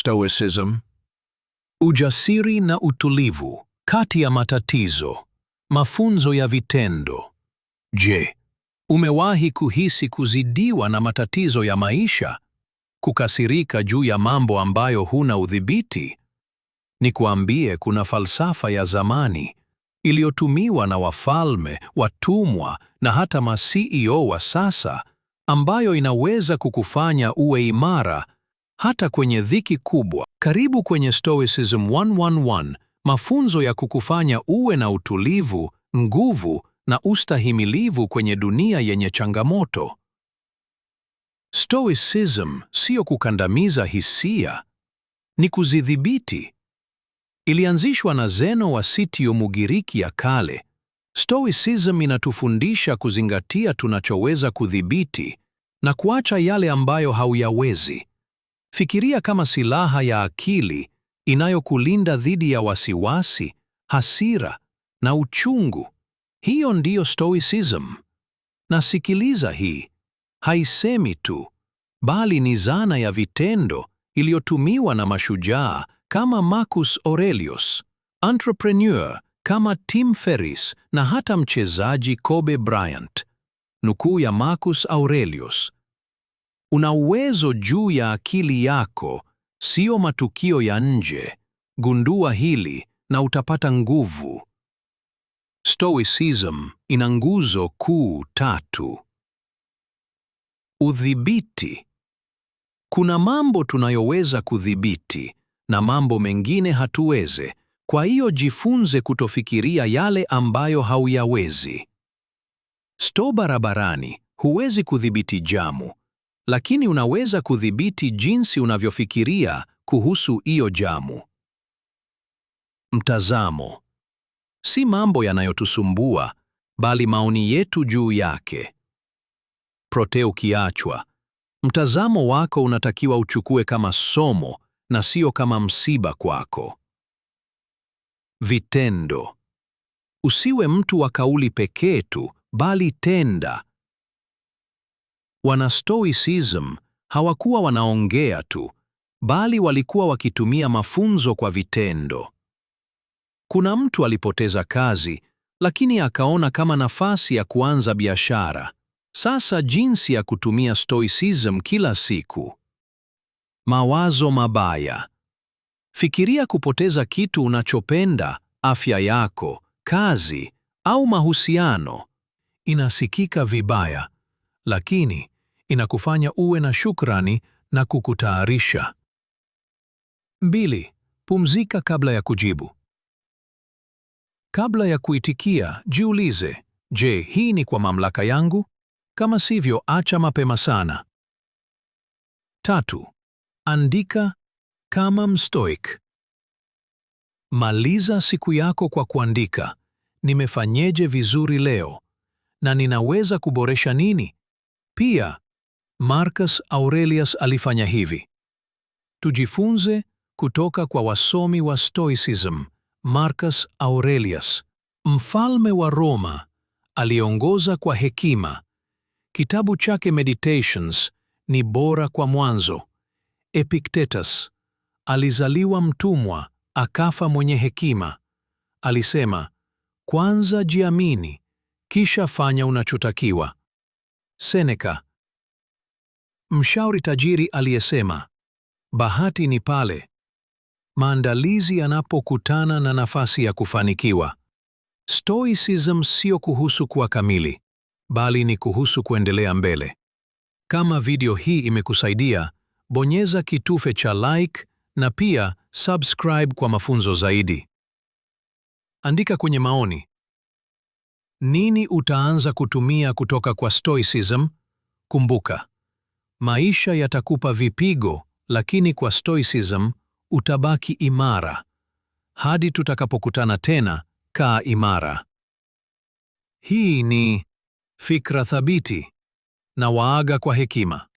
Stoicism. Ujasiri na utulivu kati ya matatizo. Mafunzo ya vitendo. Je, umewahi kuhisi kuzidiwa na matatizo ya maisha? Kukasirika juu ya mambo ambayo huna udhibiti? Nikuambie, kuna falsafa ya zamani iliyotumiwa na wafalme, watumwa na hata ma-CEO wa sasa ambayo inaweza kukufanya uwe imara hata kwenye dhiki kubwa. Karibu kwenye Stoicism 111, mafunzo ya kukufanya uwe na utulivu, nguvu na ustahimilivu kwenye dunia yenye changamoto. Stoicism siyo kukandamiza hisia, ni kuzidhibiti. Ilianzishwa na Zeno wa Sitio, Mugiriki ya kale. Stoicism inatufundisha kuzingatia tunachoweza kudhibiti na kuacha yale ambayo hauyawezi. Fikiria kama silaha ya akili inayokulinda dhidi ya wasiwasi, hasira na uchungu. Hiyo ndiyo Stoicism. nasikiliza hii, haisemi tu, bali ni zana ya vitendo iliyotumiwa na mashujaa kama Marcus Aurelius, entrepreneur kama Tim Ferriss na hata mchezaji Kobe Bryant. Nukuu ya Marcus Aurelius: Una uwezo juu ya akili yako, sio matukio ya nje. Gundua hili na utapata nguvu. Stoicism ina nguzo kuu tatu. Udhibiti. Kuna mambo tunayoweza kudhibiti na mambo mengine hatuweze. Kwa hiyo jifunze kutofikiria yale ambayo hauyawezi. Sto barabarani, huwezi kudhibiti jamu, lakini unaweza kudhibiti jinsi unavyofikiria kuhusu hiyo jamu. Mtazamo si mambo yanayotusumbua, bali maoni yetu juu yake. Proteo ukiachwa, mtazamo wako unatakiwa uchukue kama somo na sio kama msiba kwako. Vitendo. Usiwe mtu wa kauli pekee tu, bali tenda. Wana Stoicism hawakuwa wanaongea tu, bali walikuwa wakitumia mafunzo kwa vitendo. Kuna mtu alipoteza kazi, lakini akaona kama nafasi ya kuanza biashara. Sasa jinsi ya kutumia Stoicism kila siku. Mawazo mabaya. Fikiria kupoteza kitu unachopenda, afya yako, kazi au mahusiano. Inasikika vibaya, lakini inakufanya uwe na shukrani na kukutayarisha. Mbili, pumzika kabla ya kujibu. Kabla ya kuitikia, jiulize, je, hii ni kwa mamlaka yangu? Kama sivyo, acha mapema sana. Tatu, andika kama mstoik Maliza siku yako kwa kuandika, nimefanyeje vizuri leo na ninaweza kuboresha nini? Pia Marcus Aurelius alifanya hivi. Tujifunze kutoka kwa wasomi wa Stoicism. Marcus Aurelius, mfalme wa Roma, aliongoza kwa hekima. Kitabu chake Meditations ni bora kwa mwanzo. Epictetus alizaliwa mtumwa, akafa mwenye hekima. Alisema, kwanza jiamini, kisha fanya unachotakiwa. Seneca, mshauri tajiri aliyesema, bahati ni pale maandalizi yanapokutana na nafasi ya kufanikiwa. Stoicism sio kuhusu kuwa kamili, bali ni kuhusu kuendelea mbele. Kama video hii imekusaidia, bonyeza kitufe cha like na pia subscribe kwa mafunzo zaidi. Andika kwenye maoni nini utaanza kutumia kutoka kwa Stoicism? Kumbuka, maisha yatakupa vipigo, lakini kwa Stoicism utabaki imara. Hadi tutakapokutana tena, kaa imara. Hii ni Fikra Thabiti na waaga kwa hekima.